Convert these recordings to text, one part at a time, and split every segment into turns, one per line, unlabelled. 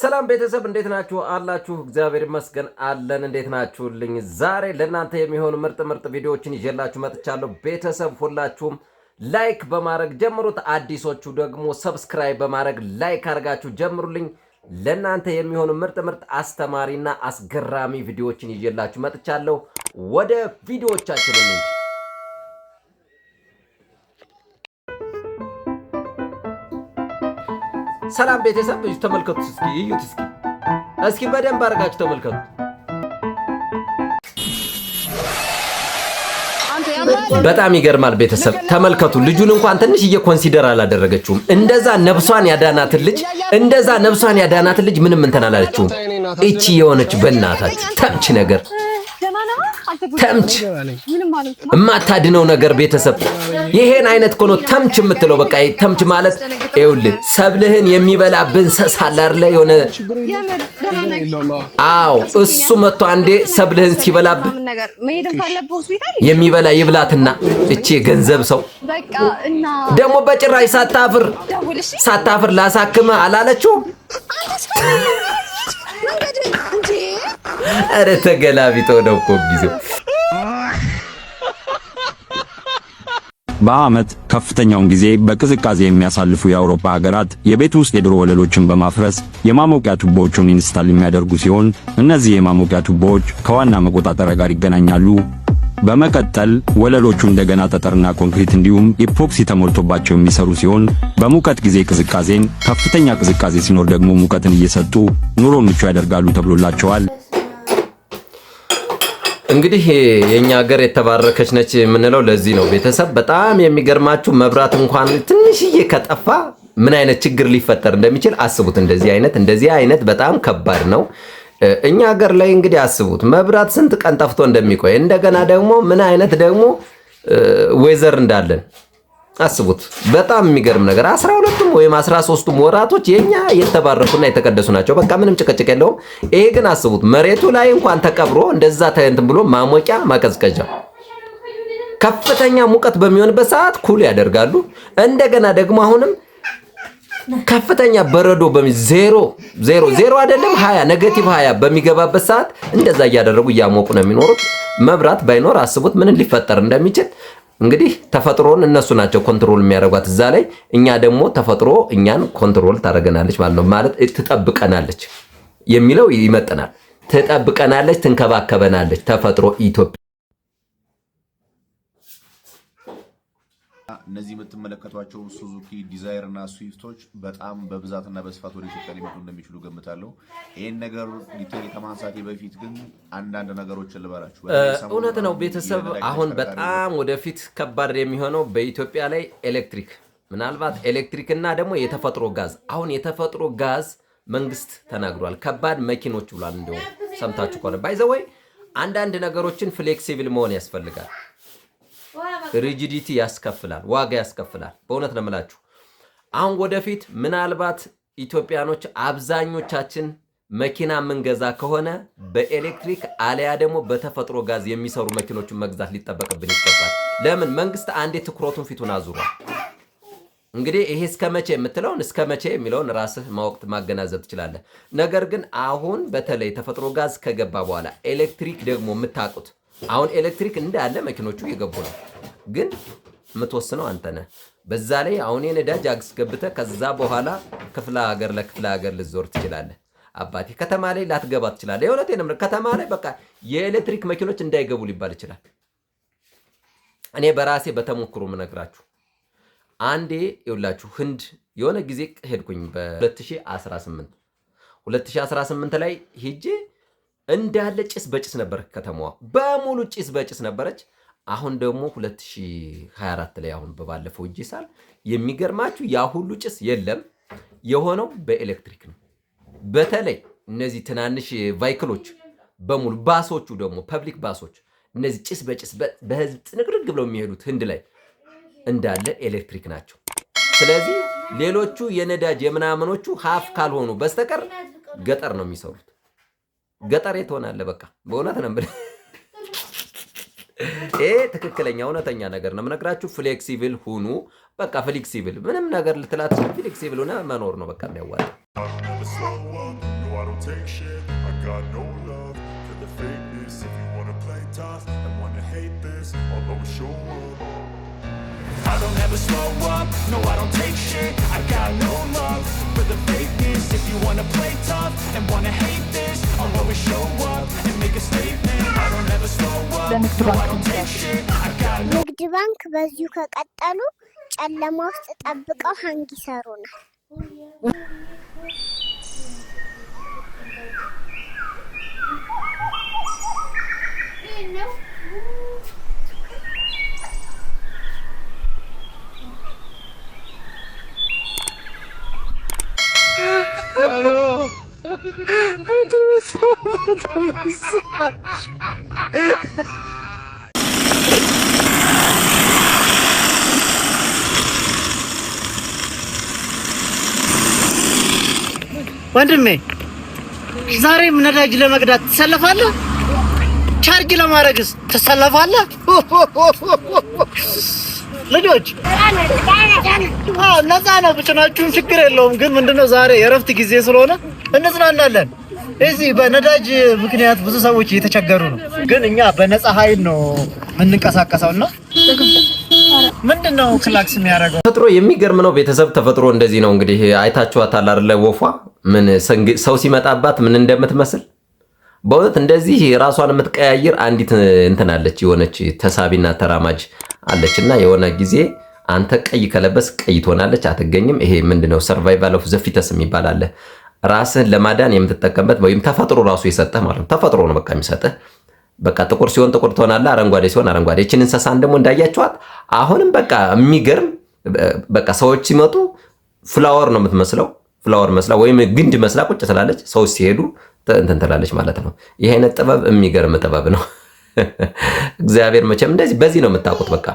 ሰላም ቤተሰብ እንዴት ናችሁ? አላችሁ? እግዚአብሔር ይመስገን አለን። እንዴት ናችሁልኝ? ዛሬ ለእናንተ የሚሆኑ ምርጥ ምርጥ ቪዲዮዎችን ይዤላችሁ መጥቻለሁ። ቤተሰብ ሁላችሁም ላይክ በማድረግ ጀምሩት። አዲሶቹ ደግሞ ሰብስክራይብ በማድረግ ላይክ አድርጋችሁ ጀምሩልኝ። ለእናንተ የሚሆኑ ምርጥ ምርጥ አስተማሪና አስገራሚ ቪዲዮዎችን ይዤላችሁ መጥቻለሁ። ወደ ቪዲዮዎቻችን ሰላም ቤተሰብ ተመልከቱት፣ እስኪ እዩት፣ እስኪ እስኪ በደንብ አድርጋችሁ ተመልከቱ በጣም ይገርማል ቤተሰብ ተመልከቱ። ልጁን እንኳን ትንሽዬ ኮንሲደር አላደረገችውም። እንደዛ ነብሷን ያዳናትን ልጅ እንደዛ ነብሷን ያዳናትን ልጅ ምንም እንትን አላለችውም። እቺ የሆነች በእናታችሁ ተምች ነገር ተምች እማታድነው ነገር ቤተሰብ ይሄን አይነት ኮኖ ተምች የምትለው። በቃ ተምች ማለት ይኸውልህ ሰብልህን የሚበላ ሰስ አለ የሆነ አዎ፣ እሱ መጥቶ አንዴ ሰብልህን ሲበላብህ የሚበላ ይብላትና እቺ ገንዘብ ሰው ደግሞ በጭራሽ ሳታፍር ሳታፍር ላሳክመ አላለችው አረ ተገላቢጦ ነው እኮ ጊዜው። በዓመት ከፍተኛውን ጊዜ በቅዝቃዜ የሚያሳልፉ የአውሮፓ ሀገራት የቤት ውስጥ የድሮ ወለሎችን በማፍረስ የማሞቂያ ቱቦዎቹን ኢንስታል የሚያደርጉ ሲሆን እነዚህ የማሞቂያ ቱቦዎች ከዋና መቆጣጠሪያ ጋር ይገናኛሉ። በመቀጠል ወለሎቹ እንደገና ጠጠርና ኮንክሪት እንዲሁም ኢፖክሲ ተሞልቶባቸው የሚሰሩ ሲሆን በሙቀት ጊዜ ቅዝቃዜን፣ ከፍተኛ ቅዝቃዜ ሲኖር ደግሞ ሙቀትን እየሰጡ ኑሮ ምቹ ያደርጋሉ ተብሎላቸዋል። እንግዲህ የእኛ ሀገር የተባረከች ነች የምንለው ለዚህ ነው። ቤተሰብ በጣም የሚገርማችሁ መብራት እንኳን ትንሽዬ ከጠፋ ምን አይነት ችግር ሊፈጠር እንደሚችል አስቡት። እንደዚህ አይነት እንደዚህ አይነት በጣም ከባድ ነው። እኛ ሀገር ላይ እንግዲህ አስቡት መብራት ስንት ቀን ጠፍቶ እንደሚቆይ እንደገና ደግሞ ምን አይነት ደግሞ ወይዘር እንዳለን አስቡት በጣም የሚገርም ነገር። አስራ ሁለቱም ወይም አስራ ሶስቱም ወራቶች የኛ የተባረኩና የተቀደሱ ናቸው። በቃ ምንም ጭቅጭቅ የለውም። ይሄ ግን አስቡት መሬቱ ላይ እንኳን ተቀብሮ እንደዛ እንትን ብሎ ማሞቂያ ማቀዝቀዣ ከፍተኛ ሙቀት በሚሆንበት ሰዓት ኩል ያደርጋሉ። እንደገና ደግሞ አሁንም ከፍተኛ በረዶ ዜሮ ዜሮ ዜሮ አይደለም ሀያ ኔጌቲቭ ሀያ በሚገባበት ሰዓት እንደዛ እያደረጉ እያሞቁ ነው የሚኖሩት። መብራት ባይኖር አስቡት ምንን ሊፈጠር እንደሚችል እንግዲህ ተፈጥሮን እነሱ ናቸው ኮንትሮል የሚያደርጓት እዛ ላይ፣ እኛ ደግሞ ተፈጥሮ እኛን ኮንትሮል ታደርገናለች ማለት ነው። ማለት ትጠብቀናለች የሚለው ይመጥናል። ትጠብቀናለች፣ ትንከባከበናለች ተፈጥሮ ኢትዮጵያ
እነዚህ የምትመለከቷቸው ሱዙኪ ዲዛይር እና ስዊፍቶች በጣም በብዛትና በስፋት ወደ ኢትዮጵያ ሊመጡ እንደሚችሉ ገምታለሁ። ይህን ነገር ዲቴል ከማንሳቴ በፊት ግን አንዳንድ ነገሮች ልበላችሁ።
እውነት ነው ቤተሰብ፣ አሁን በጣም ወደፊት ከባድ የሚሆነው በኢትዮጵያ ላይ ኤሌክትሪክ ምናልባት ኤሌክትሪክ እና ደግሞ የተፈጥሮ ጋዝ አሁን የተፈጥሮ ጋዝ መንግስት ተናግሯል። ከባድ መኪኖች ብሏል። እንዲሁም ሰምታችሁ ከሆነ ባይዘወይ አንዳንድ ነገሮችን ፍሌክሲብል መሆን ያስፈልጋል። ሪጂዲቲ ያስከፍላል፣ ዋጋ ያስከፍላል። በእውነት ነው የምላችሁ። አሁን ወደፊት ምናልባት ኢትዮጵያኖች አብዛኞቻችን መኪና የምንገዛ ከሆነ በኤሌክትሪክ አለያ ደግሞ በተፈጥሮ ጋዝ የሚሰሩ መኪኖችን መግዛት ሊጠበቅብን ይገባል። ለምን መንግስት አንዴ ትኩረቱን ፊቱን አዙሯል። እንግዲህ ይሄ እስከ መቼ የምትለውን እስከ መቼ የሚለውን ራስህ ማወቅት ማገናዘብ ትችላለህ። ነገር ግን አሁን በተለይ ተፈጥሮ ጋዝ ከገባ በኋላ ኤሌክትሪክ ደግሞ የምታውቁት አሁን ኤሌክትሪክ እንዳለ መኪኖቹ እየገቡ ነው፣ ግን የምትወስነው አንተ ነህ። በዛ ላይ አሁን የነዳጅ አስገብተ ከዛ በኋላ ክፍለ ሀገር ለክፍለ ሀገር ልዞር ትችላለህ። አባቴ ከተማ ላይ ላትገባ ትችላለህ። የእውነቴን ነው። ከተማ ላይ በቃ የኤሌክትሪክ መኪኖች እንዳይገቡ ሊባል ይችላል። እኔ በራሴ በተሞክሮ ምነግራችሁ አንዴ ይውላችሁ ህንድ የሆነ ጊዜ ሄድኩኝ በ2018 2018 ላይ ሄጄ እንዳለ ጭስ በጭስ ነበር ከተማዋ በሙሉ ጭስ በጭስ ነበረች። አሁን ደግሞ 2024 ላይ አሁን በባለፈው እጅ ሳል የሚገርማችሁ ያ ሁሉ ጭስ የለም የሆነው በኤሌክትሪክ ነው። በተለይ እነዚህ ትናንሽ ቫይክሎች በሙሉ ባሶቹ ደግሞ ፐብሊክ ባሶች እነዚህ ጭስ በጭስ በህዝብ ጥንቅርግ ብለው የሚሄዱት ህንድ ላይ እንዳለ ኤሌክትሪክ ናቸው። ስለዚህ ሌሎቹ የነዳጅ የምናምኖቹ ሀፍ ካልሆኑ በስተቀር ገጠር ነው የሚሰሩት። ገጠሬ ትሆናለህ። በቃ በእውነት ነው የምልህ። ይሄ ትክክለኛ እውነተኛ ነገር ነው የምነግራችሁ። ፍሌክሲብል ሁኑ። በቃ ፍሌክሲብል ምንም ነገር ልትላት ፍሌክሲብል ሆነ መኖር ነው በቃ የሚያዋጣው። I don't
ever slow up, no I don't take shit I got no love for the fakeness If you wanna play tough and wanna hate this I'll always show up and make a statement I don't ever slow up, no I don't take shit I got no ንግድ ባንክ በዚሁ ከቀጠሉ ጨለማ ውስጥ ጠብቀው ሀንግ ይሰሩናል
ወንድሜ ዛሬም ነዳጅ ለመቅዳት ትሰለፋለህ? ቻርጅ ለማድረግስ ትሰለፋለህ? ልጆች ነፃ ነው፣ ጭናችሁን ችግር የለውም። ግን ምንድነው ዛሬ የእረፍት ጊዜ ስለሆነ እንዝናናለን። እዚህ በነዳጅ ምክንያት ብዙ ሰዎች እየተቸገሩ ነው። ግን እኛ በነፃ ኃይል ነው የምንንቀሳቀሰው እና ምንድን ነው ክላክስ የሚያደርገው
ተፈጥሮ የሚገርም ነው። ቤተሰብ ተፈጥሮ እንደዚህ ነው እንግዲህ አይታችኋታል አይደለ? ወፏ ምን ሰው ሲመጣባት ምን እንደምትመስል በእውነት እንደዚህ ራሷን የምትቀያይር አንዲት እንትን አለች፣ የሆነች ተሳቢና ተራማጅ አለች እና የሆነ ጊዜ አንተ ቀይ ከለበስ ቀይ ትሆናለች፣ አትገኝም። ይሄ ምንድነው ሰርቫይቫል ኦፍ ዘፊተስ የሚባል አለ ራስህን ለማዳን የምትጠቀምበት ወይም ተፈጥሮ ራሱ የሰጠህ ማለት ነው። ተፈጥሮ ነው በቃ የሚሰጥህ። በቃ ጥቁር ሲሆን ጥቁር ትሆናለህ፣ አረንጓዴ ሲሆን አረንጓዴ። ይችን እንስሳን ደግሞ እንዳያቸዋት አሁንም በቃ የሚገርም በቃ ሰዎች ሲመጡ ፍላወር ነው የምትመስለው ፍላወር መስላ ወይም ግንድ መስላ ቁጭ ትላለች። ሰዎች ሲሄዱ እንትን ትላለች ማለት ነው። ይህ አይነት ጥበብ የሚገርም ጥበብ ነው። እግዚአብሔር መቼም እንደዚህ በዚህ ነው የምታውቁት። በቃ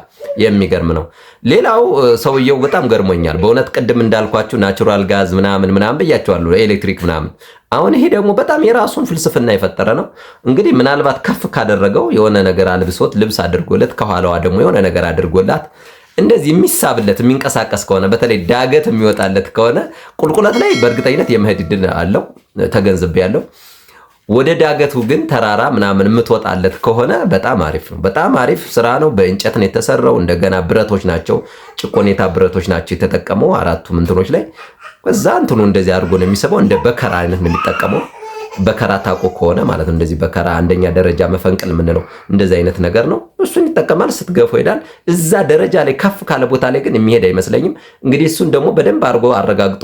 የሚገርም ነው። ሌላው ሰውየው በጣም ገርሞኛል በእውነት ቅድም እንዳልኳችሁ ናቹራል ጋዝ ምናምን ምናምን ብያቸዋለሁ፣ ኤሌክትሪክ ምናምን። አሁን ይሄ ደግሞ በጣም የራሱን ፍልስፍና የፈጠረ ነው። እንግዲህ ምናልባት ከፍ ካደረገው የሆነ ነገር አልብሶት ልብስ አድርጎለት ከኋላዋ ደግሞ የሆነ ነገር አድርጎላት እንደዚህ የሚሳብለት የሚንቀሳቀስ ከሆነ በተለይ ዳገት የሚወጣለት ከሆነ ቁልቁለት ላይ በእርግጠኝነት የመሄድ እድል አለው። ተገንዝቤ ያለው ወደ ዳገቱ ግን ተራራ ምናምን የምትወጣለት ከሆነ በጣም አሪፍ ነው። በጣም አሪፍ ስራ ነው። በእንጨት ነው የተሰራው። እንደገና ብረቶች ናቸው፣ ጭቆኔታ ብረቶች ናቸው የተጠቀመው አራቱም እንትኖች ላይ። ከዛ እንትኑ እንደዚህ አድርጎ ነው የሚስበው። እንደ በከራ አይነት ነው የሚጠቀመው። በከራ ታቆ ከሆነ ማለት ነው። እንደዚህ በከራ አንደኛ ደረጃ መፈንቅል የምንለው እንደዚህ አይነት ነገር ነው። እሱን ይጠቀማል። ስትገፎ ሄዳል። እዛ ደረጃ ላይ ከፍ ካለ ቦታ ላይ ግን የሚሄድ አይመስለኝም። እንግዲህ እሱን ደግሞ በደንብ አድርጎ አረጋግጦ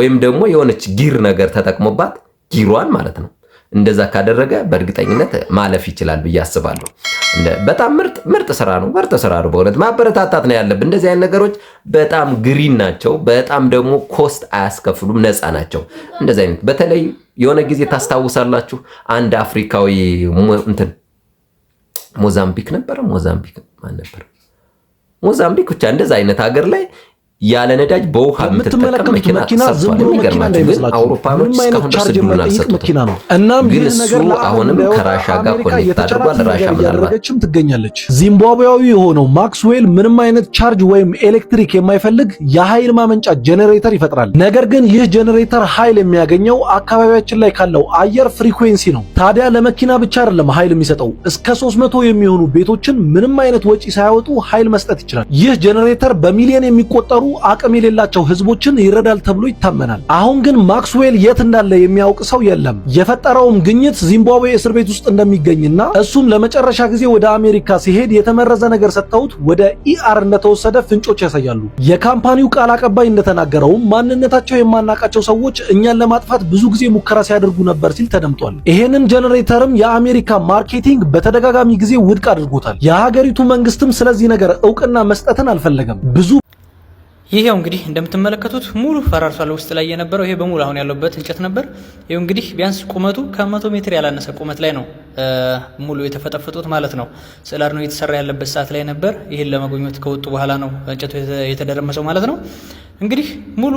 ወይም ደግሞ የሆነች ጊር ነገር ተጠቅሞባት ጊሯን ማለት ነው እንደዛ ካደረገ በእርግጠኝነት ማለፍ ይችላል ብዬ አስባለሁ። በጣም ምርጥ ምርጥ ስራ ነው። ምርጥ ስራ ነው። በእውነት ማበረታታት ነው ያለብን። እንደዚህ አይነት ነገሮች በጣም ግሪን ናቸው። በጣም ደግሞ ኮስት አያስከፍሉም፣ ነፃ ናቸው። እንደዚህ አይነት በተለይ የሆነ ጊዜ ታስታውሳላችሁ አንድ አፍሪካዊ እንትን ሞዛምቢክ ነበረ ሞዛምቢክ ማን ነበር ሞዛምቢክ ብቻ እንደዛ አይነት ሀገር ላይ ያለ ነዳጅ በውሃ የምትጠቀም መኪና ሰፍቷል። የሚገርማችሁ ግን አውሮፓኖች እስካሁን ድረስ እድሉን እናም ግን እሱ አሁንም ከራሻ ጋር ኮኔክት አድርጓል። ራሻ ምናልባትም ትገኛለች። ዚምባብዌያዊ የሆነው ማክስዌል ምንም አይነት ቻርጅ ወይም ኤሌክትሪክ የማይፈልግ የኃይል ማመንጫ ጄኔሬተር ይፈጥራል። ነገር ግን ይህ ጄኔሬተር ኃይል የሚያገኘው አካባቢያችን ላይ ካለው አየር ፍሪኩዌንሲ ነው። ታዲያ ለመኪና ብቻ አይደለም ኃይል የሚሰጠው እስከ 300 የሚሆኑ ቤቶችን ምንም አይነት ወጪ ሳያወጡ ኃይል መስጠት ይችላል። ይህ ጄኔሬተር በሚሊዮን የሚቆጠሩ አቅም የሌላቸው ህዝቦችን ይረዳል ተብሎ ይታመናል። አሁን ግን ማክስዌል የት እንዳለ የሚያውቅ ሰው የለም። የፈጠረውም ግኝት ዚምባብዌ እስር ቤት ውስጥ እንደሚገኝና እሱም ለመጨረሻ ጊዜ ወደ አሜሪካ ሲሄድ የተመረዘ ነገር ሰጥተውት ወደ ኢአር e እንደተወሰደ ፍንጮች ያሳያሉ። የካምፓኒው ቃል አቀባይ እንደተናገረውም ማንነታቸው የማናቃቸው ሰዎች እኛን ለማጥፋት ብዙ ጊዜ ሙከራ ሲያደርጉ ነበር ሲል ተደምጧል። ይሄንን ጀነሬተርም የአሜሪካ ማርኬቲንግ በተደጋጋሚ ጊዜ ውድቅ አድርጎታል። የሀገሪቱ መንግስትም ስለዚህ ነገር እውቅና መስጠትን አልፈለገም ብዙ
ይሄው እንግዲህ እንደምትመለከቱት ሙሉ ፈራርሷል። ውስጥ ላይ የነበረው ይሄ በሙሉ አሁን ያለበት እንጨት ነበር። ይሄው እንግዲህ ቢያንስ ቁመቱ ከመቶ ሜትር ያላነሰ ቁመት ላይ ነው ሙሉ የተፈጠፈጡት ማለት ነው። ስላር ነው እየተሰራ ያለበት ሰዓት ላይ ነበር። ይህን ለመጎኘት ከወጡ በኋላ ነው እንጨቱ የተደረመሰው ማለት ነው። እንግዲህ ሙሉ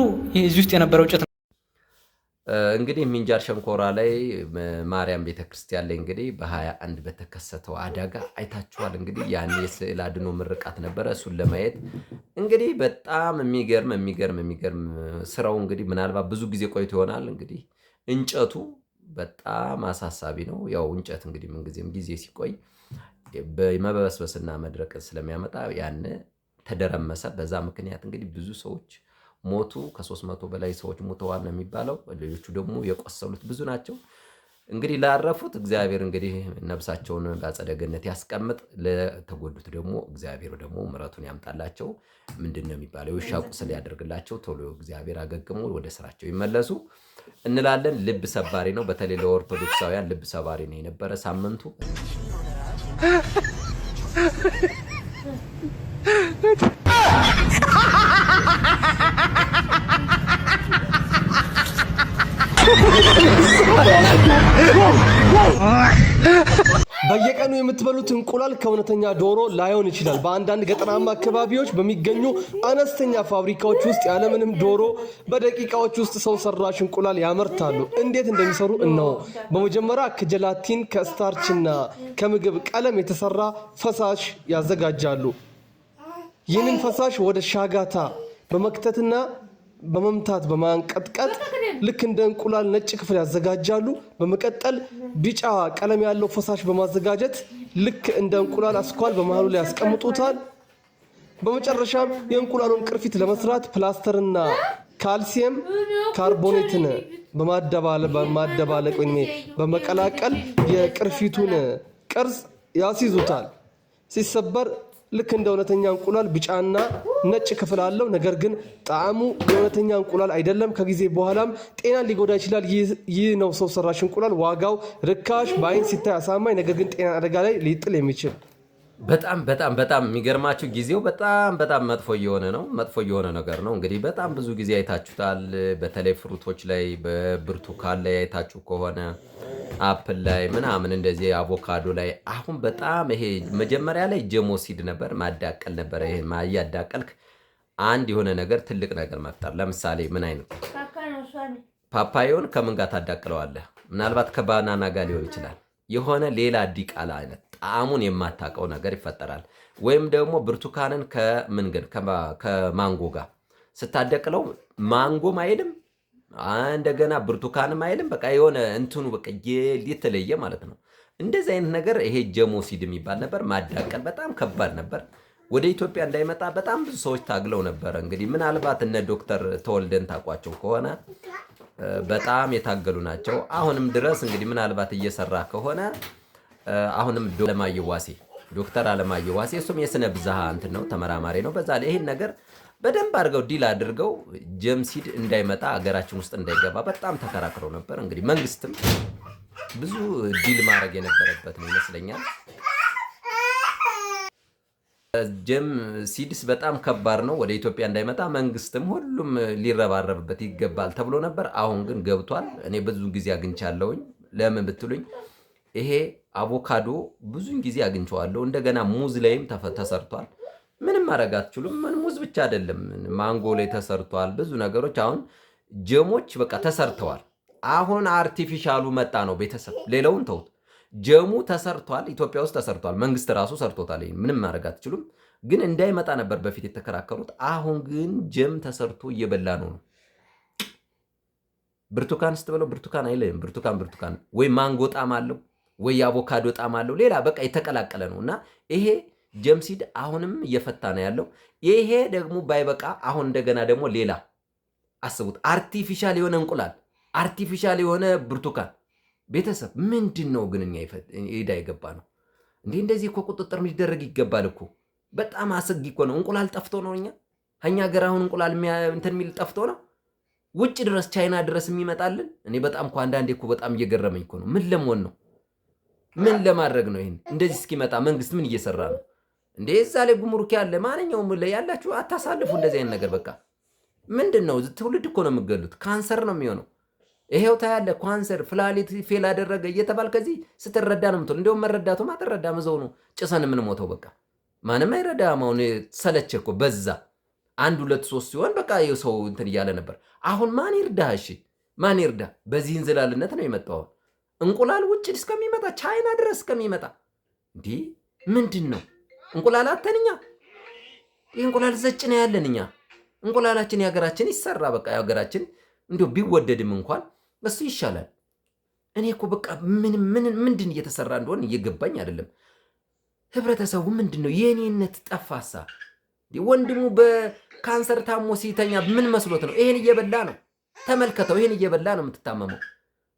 እዚህ ውስጥ የነበረው እንጨት
እንግዲህ ሚንጃር ሸንኮራ ላይ ማርያም ቤተክርስቲያን ላይ እንግዲህ በሀያ አንድ በተከሰተው አደጋ አይታችኋል። እንግዲህ ያን የስዕል አድኖ ምርቃት ነበረ። እሱን ለማየት እንግዲህ በጣም የሚገርም የሚገርም የሚገርም ስራው እንግዲህ ምናልባት ብዙ ጊዜ ቆይቶ ይሆናል። እንግዲህ እንጨቱ በጣም አሳሳቢ ነው። ያው እንጨት እንግዲህ ምንጊዜም ጊዜ ሲቆይ መበስበስና መድረቅ ስለሚያመጣ ያን ተደረመሰ። በዛ ምክንያት እንግዲህ ብዙ ሰዎች ሞቱ። ከሶስት መቶ በላይ ሰዎች ሞተዋል ነው የሚባለው። ሌሎቹ ደግሞ የቆሰሉት ብዙ ናቸው። እንግዲህ ላረፉት እግዚአብሔር እንግዲህ ነብሳቸውን በአጸደ ገነት ያስቀምጥ። ለተጎዱት ደግሞ እግዚአብሔር ደግሞ ምረቱን ያምጣላቸው። ምንድን ነው የሚባለው የውሻ ቁስል ያደርግላቸው። ቶሎ እግዚአብሔር አገግሞ ወደ ስራቸው ይመለሱ እንላለን። ልብ ሰባሪ ነው፣ በተለይ ለኦርቶዶክሳውያን ልብ ሰባሪ ነው የነበረ ሳምንቱ
በየቀኑ የምትበሉት እንቁላል ከእውነተኛ ዶሮ ላይሆን ይችላል። በአንዳንድ ገጠራማ አካባቢዎች በሚገኙ አነስተኛ ፋብሪካዎች ውስጥ ያለምንም ዶሮ በደቂቃዎች ውስጥ ሰው ሰራሽ እንቁላል ያመርታሉ። እንዴት እንደሚሰሩ እነሆ። በመጀመሪያ ከጀላቲን ከስታርችና ከምግብ ቀለም የተሰራ ፈሳሽ ያዘጋጃሉ። ይህንን ፈሳሽ ወደ ሻጋታ በመክተትና በመምታት በማንቀጥቀጥ ልክ እንደ እንቁላል ነጭ ክፍል ያዘጋጃሉ። በመቀጠል ቢጫ ቀለም ያለው ፈሳሽ በማዘጋጀት ልክ እንደ እንቁላል አስኳል በመሃሉ ላይ ያስቀምጡታል። በመጨረሻም የእንቁላሉን ቅርፊት ለመስራት ፕላስተርና ካልሲየም ካርቦኔትን በማደባለቅ ወይም በመቀላቀል የቅርፊቱን ቅርጽ ያስይዙታል። ሲሰበር ልክ እንደ እውነተኛ እንቁላል ቢጫና ነጭ ክፍል አለው። ነገር ግን ጣዕሙ የእውነተኛ እንቁላል አይደለም። ከጊዜ በኋላም ጤናን ሊጎዳ ይችላል። ይህ ነው ሰው ሰራሽ እንቁላል። ዋጋው ርካሽ፣ በአይን ሲታይ አሳማኝ፣ ነገር ግን ጤና አደጋ ላይ ሊጥል የሚችል
በጣም በጣም በጣም የሚገርማችሁ ጊዜው በጣም በጣም መጥፎ እየሆነ ነው። መጥፎ እየሆነ ነገር ነው። እንግዲህ በጣም ብዙ ጊዜ አይታችሁታል። በተለይ ፍሩቶች ላይ በብርቱካን ላይ አይታችሁ ከሆነ አፕል ላይ ምናምን እንደዚህ አቮካዶ ላይ አሁን በጣም ይሄ መጀመሪያ ላይ ጀሞሲድ ነበር፣ ማዳቀል ነበር። ይሄ እያዳቀልክ አንድ የሆነ ነገር ትልቅ ነገር መፍጠር። ለምሳሌ ምን አይነት ፓፓዮን ከምን ጋር ታዳቅለዋለህ? ምናልባት ከባናና ጋር ሊሆን ይችላል። የሆነ ሌላ ዲቃላ አይነት ጣዕሙን የማታውቀው ነገር ይፈጠራል። ወይም ደግሞ ብርቱካንን ከምን ግን ከማንጎ ጋር ስታደቅለው ማንጎም አይልም፣ እንደገና ብርቱካንም አይልም። በቃ የሆነ እንትኑ በቃ የተለየ ማለት ነው። እንደዚህ አይነት ነገር ይሄ ጀሞሲድ የሚባል ነበር። ማዳቀል በጣም ከባድ ነበር። ወደ ኢትዮጵያ እንዳይመጣ በጣም ብዙ ሰዎች ታግለው ነበረ። እንግዲህ ምናልባት እነ ዶክተር ተወልደን ታውቋቸው ከሆነ በጣም የታገሉ ናቸው። አሁንም ድረስ እንግዲህ ምናልባት እየሰራ ከሆነ አሁንም አለማየሁ ዋሴ ዶክተር አለማየሁ ዋሴ እሱም የስነ ብዝሃ እንትን ነው ተመራማሪ ነው። በዛ ላይ ይህን ነገር በደንብ አድርገው ዲል አድርገው ጀምሲድ እንዳይመጣ አገራችን ውስጥ እንዳይገባ በጣም ተከራክረው ነበር። እንግዲህ መንግስትም ብዙ ዲል ማድረግ የነበረበት ነው ይመስለኛል። ጀምሲድስ በጣም ከባድ ነው፣ ወደ ኢትዮጵያ እንዳይመጣ መንግስትም ሁሉም ሊረባረብበት ይገባል ተብሎ ነበር። አሁን ግን ገብቷል። እኔ ብዙ ጊዜ አግኝቻለሁኝ። ለምን ብትሉኝ ይሄ አቮካዶ ብዙን ጊዜ አግኝቼዋለሁ። እንደገና ሙዝ ላይም ተሰርቷል። ምንም ማድረግ አትችሉም። ምን ሙዝ ብቻ አይደለም፣ ማንጎ ላይ ተሰርቷል። ብዙ ነገሮች አሁን ጀሞች በቃ ተሰርተዋል። አሁን አርቲፊሻሉ መጣ ነው ቤተሰብ። ሌላውን ተውት፣ ጀሙ ተሰርቷል። ኢትዮጵያ ውስጥ ተሰርቷል። መንግስት ራሱ ሰርቶታል። ምንም ማድረግ አትችሉም። ግን እንዳይመጣ ነበር በፊት የተከራከሩት። አሁን ግን ጀም ተሰርቶ እየበላ ነው ነው ብርቱካን ስትበለው ብርቱካን አይለም። ብርቱካን ብርቱካን ወይ ማንጎ ጣም አለው ወይ የአቮካዶ ጣም አለው፣ ሌላ በቃ የተቀላቀለ ነው እና ይሄ ጀምሲድ አሁንም እየፈታ ነው ያለው። ይሄ ደግሞ ባይበቃ አሁን እንደገና ደግሞ ሌላ አስቡት፣ አርቲፊሻል የሆነ እንቁላል፣ አርቲፊሻል የሆነ ብርቱካን። ቤተሰብ ምንድን ነው ግን እኛ ሄዳ የገባ ነው እንዴ? እንደዚህ እኮ ቁጥጥር ሊደረግ ይገባል እኮ። በጣም አስጊ እኮ ነው። እንቁላል ጠፍቶ ነው እኛ ከኛ ሀገር አሁን እንቁላል እንትን የሚል ጠፍቶ ነው ውጭ ድረስ ቻይና ድረስ የሚመጣልን። እኔ በጣም እኮ አንዳንዴ እኮ በጣም እየገረመኝ እኮ ነው። ምን ለመሆን ነው ምን ለማድረግ ነው? ይህን እንደዚህ እስኪመጣ መንግስት ምን እየሰራ ነው እንዴ? እዛ ላይ ጉምሩክ ያለ ማንኛውም ላይ ያላችሁ አታሳልፉ። እንደዚህ አይነት ነገር በቃ ምንድን ነው? ትውልድ እኮ ነው የምገሉት። ካንሰር ነው የሚሆነው። ይሄው ታያለ ኳንሰር ፍላሊት ፌል አደረገ እየተባል ከዚህ ስትረዳ ነው ምትል። እንዲሁም መረዳቱ ማጠረዳ መዘው ነው ጭሰን የምንሞተው በቃ ማንም አይረዳ። አሁን ሰለቸ እኮ በዛ አንድ ሁለት ሶስት ሲሆን በቃ ሰው እንትን እያለ ነበር። አሁን ማን ይርዳ? እሺ ማን ይርዳ? በዚህ እንዝላልነት ነው የመጣው። እንቁላል ውጭ እስከሚመጣ ቻይና ድረስ እስከሚመጣ እንዲህ ምንድን ነው እንቁላል አተን እኛ ይህ እንቁላል ዘጭ ነው ያለን እኛ እንቁላላችን የሀገራችን ይሰራ በቃ የሀገራችን እንዲሁ ቢወደድም እንኳን እሱ ይሻላል። እኔ እኮ በቃ ምን ምንድን እየተሰራ እንደሆን እየገባኝ አይደለም። ህብረተሰቡ ምንድን ነው የእኔነት ጠፋሳ? ወንድሙ በካንሰር ታሞ ሲተኛ ምን መስሎት ነው? ይሄን እየበላ ነው። ተመልከተው፣ ይሄን እየበላ ነው የምትታመመው።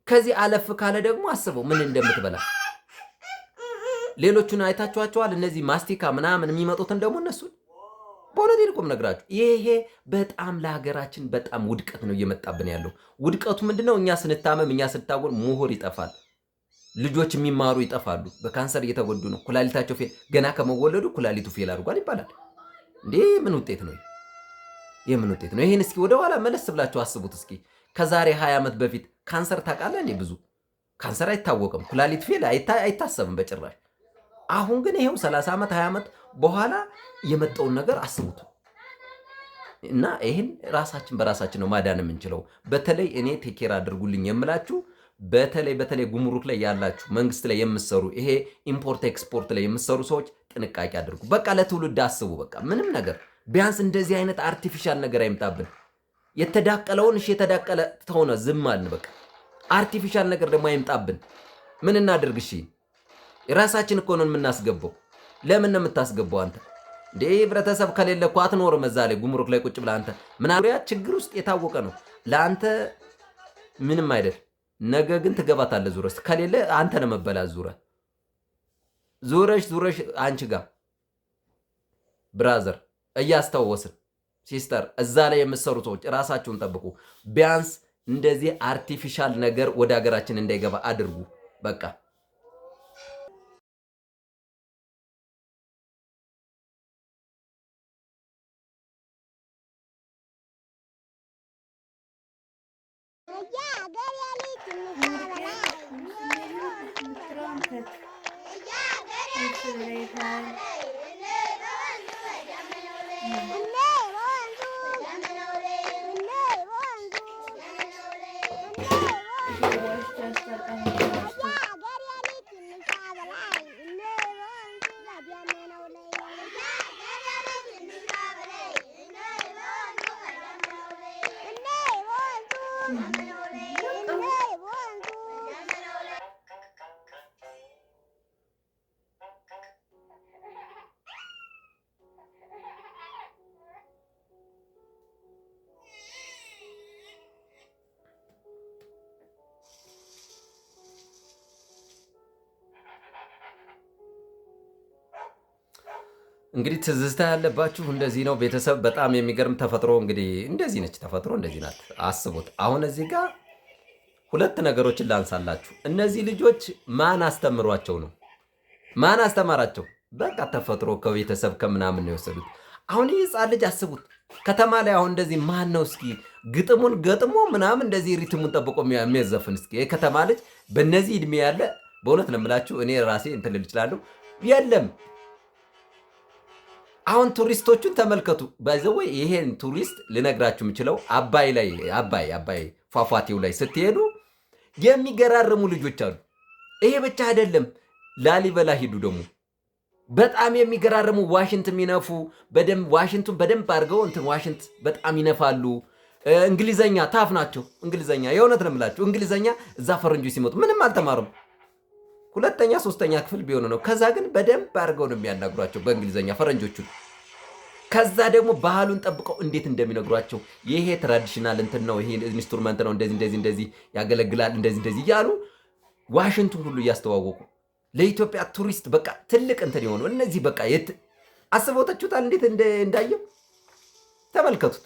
ከዚህ አለፍ ካለ ደግሞ አስበው ምን እንደምትበላ። ሌሎቹን አይታችኋቸዋል። እነዚህ ማስቲካ ምናምን የሚመጡትን ደግሞ እነሱን በእውነት ይልቁም ነግራችሁ፣ ይሄ በጣም ለሀገራችን በጣም ውድቀት ነው እየመጣብን ያለው። ውድቀቱ ምንድን ነው? እኛ ስንታመም፣ እኛ ስንታወን ምሁር ይጠፋል፣ ልጆች የሚማሩ ይጠፋሉ። በካንሰር እየተጎዱ ነው። ኩላሊታቸው ፌል ገና ከመወለዱ ኩላሊቱ ፌል አድርጓል ይባላል። እንዴ ምን ውጤት ነው? የምን ውጤት ነው? ይህን እስኪ ወደኋላ መለስ ብላችሁ አስቡት። እስኪ ከዛሬ ሀ ዓመት በፊት ካንሰር ታውቃለህ? እኔ ብዙ ካንሰር አይታወቅም፣ ኩላሊት ፌል አይታሰብም በጭራሽ። አሁን ግን ይሄው 30 ዓመት 20 ዓመት በኋላ የመጣውን ነገር አስቡት። እና ይህን ራሳችን በራሳችን ነው ማዳን የምንችለው። በተለይ እኔ ቴኬር አድርጉልኝ የምላችሁ በተለይ በተለይ ጉምሩክ ላይ ያላችሁ መንግስት ላይ የምሰሩ ይሄ ኢምፖርት ኤክስፖርት ላይ የምሰሩ ሰዎች ጥንቃቄ አድርጉ። በቃ ለትውልድ አስቡ። በቃ ምንም ነገር ቢያንስ እንደዚህ አይነት አርቲፊሻል ነገር አይምጣብን። የተዳቀለውን እሺ፣ የተዳቀለ ተሆነ ዝም አልን። በቃ አርቲፊሻል ነገር ደግሞ አይምጣብን። ምን እናደርግ? እሺ፣ ራሳችን እኮ ነው የምናስገባው። ለምን ነው የምታስገባው አንተ? እንዴ ህብረተሰብ ከሌለ እኮ አትኖርም። እዛ ላይ ጉምሩክ ላይ ቁጭ ብለህ አንተ ምናያ ችግር ውስጥ የታወቀ ነው ለአንተ ምንም አይደል። ነገ ግን ትገባታለህ። ዙረስ ከሌለ አንተ ነው መበላት። ዙረ ዙረሽ ዙረሽ አንቺ ጋር ብራዘር እያስታወስን ሲስተር፣ እዛ ላይ የምትሰሩ ሰዎች ራሳችሁን ጠብቁ። ቢያንስ እንደዚህ አርቲፊሻል ነገር ወደ ሀገራችን እንዳይገባ አድርጉ። በቃ Mm-hmm. እንግዲህ ትዝታ ያለባችሁ እንደዚህ ነው ቤተሰብ። በጣም የሚገርም ተፈጥሮ እንግዲህ እንደዚህ ነች ተፈጥሮ እንደዚህ ናት። አስቡት። አሁን እዚህ ጋር ሁለት ነገሮችን ላንሳላችሁ። እነዚህ ልጆች ማን አስተምሯቸው ነው? ማን አስተማራቸው? በቃ ተፈጥሮ ከቤተሰብ ከምናምን ነው የወሰዱት። አሁን ይህ ሕፃን ልጅ አስቡት፣ ከተማ ላይ አሁን እንደዚህ ማን ነው እስኪ ግጥሙን ገጥሞ ምናምን እንደዚህ ሪትሙን ጠብቆ የሚያዘፍን እስኪ የከተማ ልጅ በእነዚህ እድሜ ያለ በእውነት ነው የምላችሁ እኔ ራሴ እንትልል ልል እችላለሁ የለም አሁን ቱሪስቶቹን ተመልከቱ። ባይዘወ ይሄን ቱሪስት ልነግራችሁ የምችለው አባይ ላይ አባይ አባይ ፏፏቴው ላይ ስትሄዱ የሚገራርሙ ልጆች አሉ። ይሄ ብቻ አይደለም። ላሊበላ ሂዱ ደግሞ በጣም የሚገራርሙ ዋሽንት የሚነፉ ዋሽንቱን በደንብ አድርገው እንትን ዋሽንት በጣም ይነፋሉ። እንግሊዘኛ ታፍ ናቸው። እንግሊዘኛ የእውነት ነው የምላችሁ። እንግሊዘኛ እዛ ፈረንጆች ሲመጡ ምንም አልተማሩም። ሁለተኛ ሶስተኛ ክፍል ቢሆኑ ነው። ከዛ ግን በደንብ አድርገው ነው የሚያናግሯቸው በእንግሊዝኛ ፈረንጆቹን። ከዛ ደግሞ ባህሉን ጠብቀው እንዴት እንደሚነግሯቸው ይሄ ትራዲሽናል እንትን ነው፣ ይሄ ኢንስትሩመንት ነው፣ እንደዚህ እንደዚህ እንደዚህ ያገለግላል፣ እንደዚህ እንደዚህ እያሉ ዋሽንቱን ሁሉ እያስተዋወቁ ለኢትዮጵያ ቱሪስት በቃ ትልቅ እንትን የሆኑ እነዚህ በቃ አስበውታችሁታል? እንዴት እንዳየው ተመልከቱት።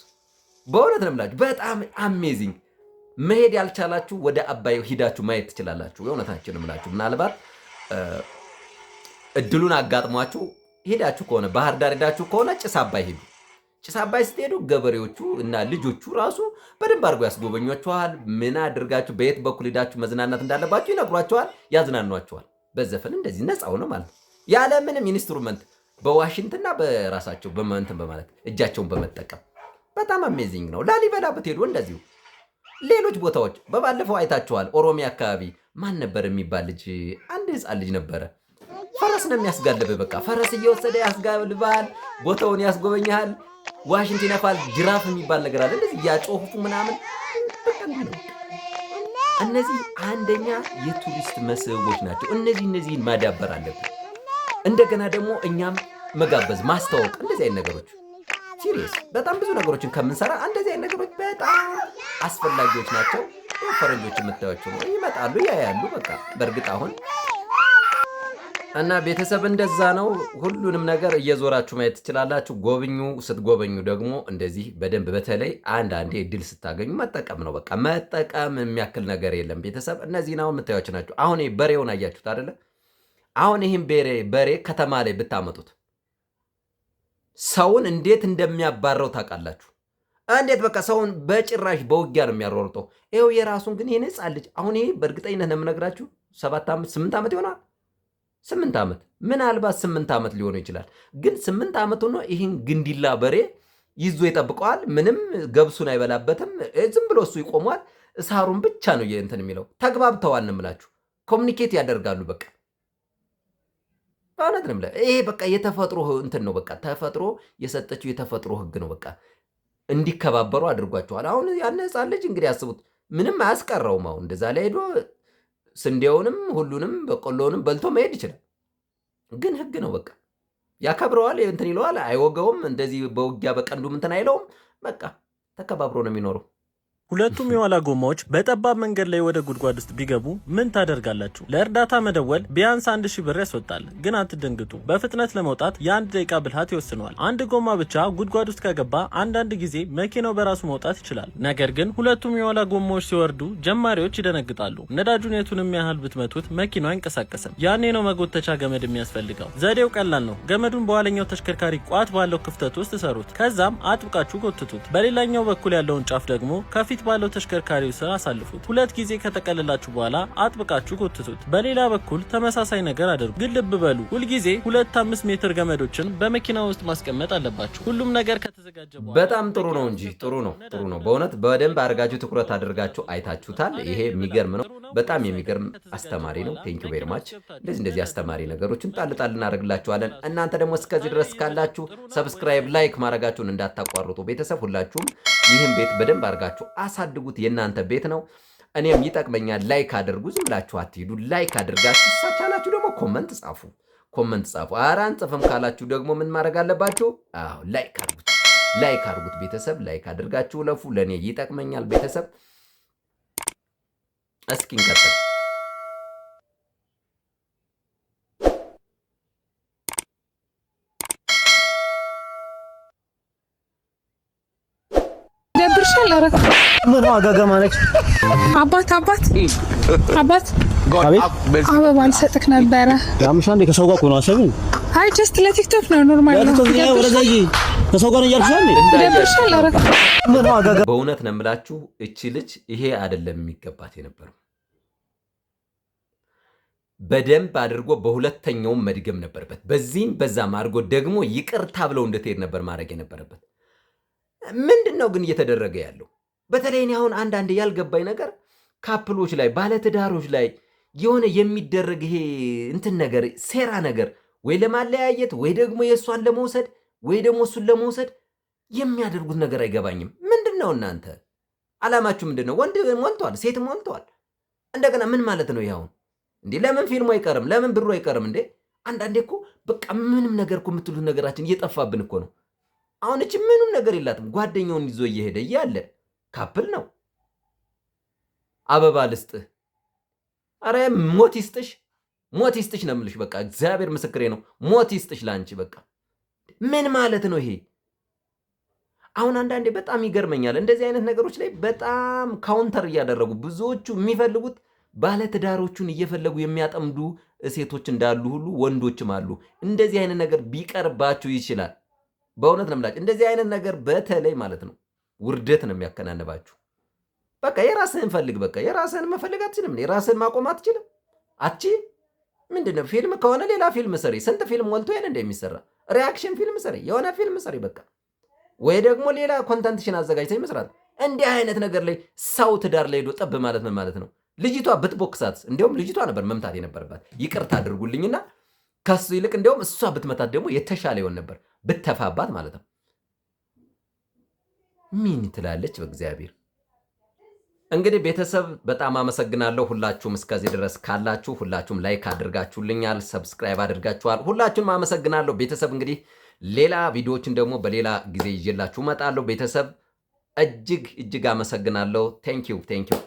በእውነት ነው የምላችሁ በጣም አሜዚንግ መሄድ ያልቻላችሁ ወደ አባይ ሂዳችሁ ማየት ትችላላችሁ። የእውነታችን ምላችሁ ምናልባት እድሉን አጋጥሟችሁ ሄዳችሁ ከሆነ ባህር ዳር ሄዳችሁ ከሆነ ጭስ አባይ ሄዱ። ጭስ አባይ ስትሄዱ ገበሬዎቹ እና ልጆቹ ራሱ በደንብ አድርጎ ያስጎበኟችኋል። ምን አድርጋችሁ በየት በኩል ሄዳችሁ መዝናናት እንዳለባችሁ ይነግሯችኋል፣ ያዝናኗችኋል። በዘፈን እንደዚህ ነፃው ነው ማለት ነው። ያለ ምንም ኢንስትሩመንት በዋሽንትና በራሳቸው በመንትን በማለት እጃቸውን በመጠቀም በጣም አሜዚንግ ነው። ላሊበላ ብትሄዱ እንደዚሁ ሌሎች ቦታዎች በባለፈው አይታችኋል። ኦሮሚያ አካባቢ ማን ነበር የሚባል ልጅ አንድ ህፃን ልጅ ነበረ። ፈረስ ነው የሚያስጋልብ። በቃ ፈረስ እየወሰደ ያስጋልባል፣ ቦታውን ያስጎበኛል፣ ዋሽንት ይነፋል። ጅራፍ የሚባል ነገር አለ፣ እንደዚህ እያጮፉ ምናምን። እነዚህ አንደኛ የቱሪስት መስህቦች ናቸው። እነዚህ እነዚህን ማዳበር አለብን። እንደገና ደግሞ እኛም መጋበዝ፣ ማስታወቅ፣ እንደዚህ አይነት ነገሮች ሲሪየስ በጣም ብዙ ነገሮችን ከምንሰራ እንደዚህ አይነት ነገሮች በጣም አስፈላጊዎች ናቸው። ፈረንጆች የምታያቸው ነው፣ ይመጣሉ፣ ያያሉ። በቃ በእርግጥ አሁን እና ቤተሰብ እንደዛ ነው። ሁሉንም ነገር እየዞራችሁ ማየት ትችላላችሁ። ጎብኙ። ስትጎበኙ ደግሞ እንደዚህ በደንብ በተለይ አንዳንዴ እድል ስታገኙ መጠቀም ነው። በቃ መጠቀም የሚያክል ነገር የለም። ቤተሰብ እነዚህ ነው የምታዩቸው ናቸው። አሁን በሬውን አያችሁት አይደለ? አሁን ይህም በሬ ከተማ ላይ ብታመጡት ሰውን እንዴት እንደሚያባረው ታውቃላችሁ? እንዴት በቃ ሰውን በጭራሽ በውጊያ ነው የሚያሯርጠው ይኸው የራሱን ግን ይህን ህፃን ልጅ አሁን ይሄ በእርግጠኝነት ነው የምነግራችሁ ሰባት ዓመት ስምንት ዓመት ይሆናል። ስምንት ዓመት ምናልባት ስምንት ዓመት ሊሆኑ ይችላል። ግን ስምንት ዓመት ሆኖ ይህን ግንዲላ በሬ ይዞ ይጠብቀዋል። ምንም ገብሱን አይበላበትም። ዝም ብሎ እሱ ይቆሟል። እሳሩን ብቻ ነው እንትን የሚለው ተግባብተዋል ነው የምላችሁ። ኮሚኒኬት ያደርጋሉ በቃ በእውነት ነው የምልህ። ይሄ በቃ የተፈጥሮ እንትን ነው። በቃ ተፈጥሮ የሰጠችው የተፈጥሮ ህግ ነው። በቃ እንዲከባበሩ አድርጓቸዋል። አሁን ያነ ህፃን ልጅ እንግዲህ አስቡት፣ ምንም አያስቀረውም። አሁን እንደዛ ላይ ሄዶ ስንዴውንም ሁሉንም በቆሎንም በልቶ መሄድ ይችላል። ግን ህግ ነው በቃ ያከብረዋል። እንትን ይለዋል፣ አይወገውም። እንደዚህ በውጊያ በቀንዱም እንትን አይለውም። በቃ ተከባብሮ ነው የሚኖረው። ሁለቱም የኋላ ጎማዎች በጠባብ መንገድ ላይ ወደ ጉድጓድ ውስጥ ቢገቡ ምን ታደርጋላችሁ? ለእርዳታ መደወል ቢያንስ አንድ ሺህ ብር ያስወጣል፣ ግን አትደንግጡ። በፍጥነት ለመውጣት የአንድ ደቂቃ ብልሃት ይወስነዋል። አንድ ጎማ ብቻ ጉድጓድ ውስጥ ከገባ አንዳንድ ጊዜ መኪናው በራሱ መውጣት ይችላል። ነገር ግን ሁለቱም የኋላ ጎማዎች ሲወርዱ ጀማሪዎች ይደነግጣሉ። ነዳጁን የቱንም ያህል ብትመቱት መኪናው አይንቀሳቀስም። ያኔ ነው መጎተቻ ገመድ የሚያስፈልገው። ዘዴው ቀላል ነው። ገመዱን በኋለኛው ተሽከርካሪ ቋት ባለው ክፍተት ውስጥ ሰሩት። ከዛም አጥብቃችሁ ጎትቱት። በሌላኛው በኩል ያለውን ጫፍ ደግሞ ከፊት ባለው ተሽከርካሪው ስር አሳልፉት። ሁለት ጊዜ ከጠቀለላችሁ በኋላ አጥብቃችሁ ጎትቱት። በሌላ በኩል ተመሳሳይ ነገር አድርጉ። ግን ልብ በሉ ሁልጊዜ ሁለት አምስት ሜትር ገመዶችን በመኪና ውስጥ ማስቀመጥ አለባችሁ። ሁሉም ነገር ከተዘጋጀ በኋላ በጣም ጥሩ ነው እንጂ ጥሩ ነው ጥሩ ነው። በእውነት በደንብ አድርጋችሁ ትኩረት አድርጋችሁ አይታችሁታል። ይሄ የሚገርም ነው። በጣም የሚገርም አስተማሪ ነው። ቴንኪው ቬሪ ማች። እንደዚህ እንደዚህ አስተማሪ ነገሮችን ጣል ጣል እናደርግላችኋለን። እናንተ ደግሞ እስከዚህ ድረስ ካላችሁ ሰብስክራይብ፣ ላይክ ማድረጋችሁን እንዳታቋርጡ ቤተሰብ ሁላችሁም ይህን ቤት በደንብ አድርጋችሁ የምታሳድጉት የእናንተ ቤት ነው። እኔም ይጠቅመኛል። ላይክ አድርጉ። ዝም ብላችሁ አትሄዱ። ላይክ አድርጋችሁ ሳቻላችሁ ደግሞ ኮመንት ጻፉ። ኮመንት ጻፉ። ኧረ አንጽፍም ካላችሁ ደግሞ ምን ማድረግ አለባችሁ? አዎ ላይክ አድርጉት። ላይክ አድርጉት። ቤተሰብ ላይክ አድርጋችሁ ለፉ። ለእኔ ይጠቅመኛል። ቤተሰብ እስኪ እንቀጥል።
ይሻል። ኧረ ምን ዋጋ ገማነች አባት አባት አባት አበባ ልሰጥክ ነበረ።
ያምሻ እንዴ ከሰው ጋር ነው አሰብ።
አይ ጀስት ለቲክቶክ ነው ኖርማል ነው።
ከሰው ጋር እያልሻል ይደብርሻል። ኧረ ምን ዋጋ በእውነት ነው የምላችሁ። እቺ ልጅ ይሄ አይደለም የሚገባት የነበረው በደንብ አድርጎ በሁለተኛውም መድገም ነበረበት። በዚህም በዛም አድርጎ ደግሞ ይቅርታ ብለው እንድትሄድ ነበር ማድረግ የነበረበት። ምንድን ነው ግን እየተደረገ ያለው? በተለይ እኔ አሁን አንዳንድ ያልገባኝ ነገር ካፕሎች ላይ ባለትዳሮች ላይ የሆነ የሚደረግ ይሄ እንትን ነገር ሴራ ነገር ወይ ለማለያየት ወይ ደግሞ የእሷን ለመውሰድ ወይ ደግሞ እሱን ለመውሰድ የሚያደርጉት ነገር አይገባኝም። ምንድን ነው እናንተ አላማችሁ ምንድን ነው? ወንድ ሞልተዋል፣ ሴት ሞልተዋል። እንደገና ምን ማለት ነው? ይኸውን እንዴ ለምን ፊልሙ አይቀርም? ለምን ብሩ አይቀርም እንዴ? አንዳንዴ እኮ በቃ ምንም ነገር እኮ የምትሉት ነገራችን እየጠፋብን እኮ ነው። አሁን እች ምንም ነገር የላትም። ጓደኛውን ይዞ እየሄደ እያለ ካፕል ነው። አበባ ልስጥህ፣ አረ ሞት ይስጥሽ፣ ሞት ይስጥሽ ነው የምልሽ። በቃ እግዚአብሔር ምስክሬ ነው። ሞት ይስጥሽ ለአንቺ። በቃ ምን ማለት ነው ይሄ? አሁን አንዳንዴ በጣም ይገርመኛል። እንደዚህ አይነት ነገሮች ላይ በጣም ካውንተር እያደረጉ ብዙዎቹ የሚፈልጉት ባለትዳሮቹን እየፈለጉ የሚያጠምዱ ሴቶች እንዳሉ ሁሉ ወንዶችም አሉ። እንደዚህ አይነት ነገር ቢቀርባችሁ ይችላል በእውነት ነው የምላችሁ። እንደዚህ አይነት ነገር በተለይ ማለት ነው ውርደት ነው የሚያከናንባችሁ። በቃ የራስህን ፈልግ። በቃ የራስህን መፈልግ አትችልም። የራስህን ማቆም አትችልም። አቺ ምንድን ነው ፊልም ከሆነ ሌላ ፊልም ስሪ። ስንት ፊልም ሞልቶ ይን እንደሚሰራ ሪያክሽን ፊልም ስሪ፣ የሆነ ፊልም ስሪ። በቃ ወይ ደግሞ ሌላ ኮንተንትሽን አዘጋጅተ መስራት። እንዲህ አይነት ነገር ላይ ሰው ትዳር ላይ ሄዶ ጠብ ማለት ምን ማለት ነው? ልጅቷ ብትቦክሳት፣ እንዲሁም ልጅቷ ነበር መምታት የነበረባት። ይቅርታ አድርጉልኝና ከሱ ይልቅ እንዲያውም እሷ ብትመታት ደግሞ የተሻለ ይሆን ነበር፣ ብተፋባት ማለት ነው። ምን ትላለች? በእግዚአብሔር እንግዲህ ቤተሰብ በጣም አመሰግናለሁ። ሁላችሁም እስከዚህ ድረስ ካላችሁ ሁላችሁም ላይክ አድርጋችሁልኛል፣ ሰብስክራይብ አድርጋችኋል። ሁላችሁንም አመሰግናለሁ። ቤተሰብ እንግዲህ ሌላ ቪዲዮዎችን ደግሞ በሌላ ጊዜ ይዤላችሁ እመጣለሁ። ቤተሰብ እጅግ እጅግ አመሰግናለሁ። ቴንኪው ን።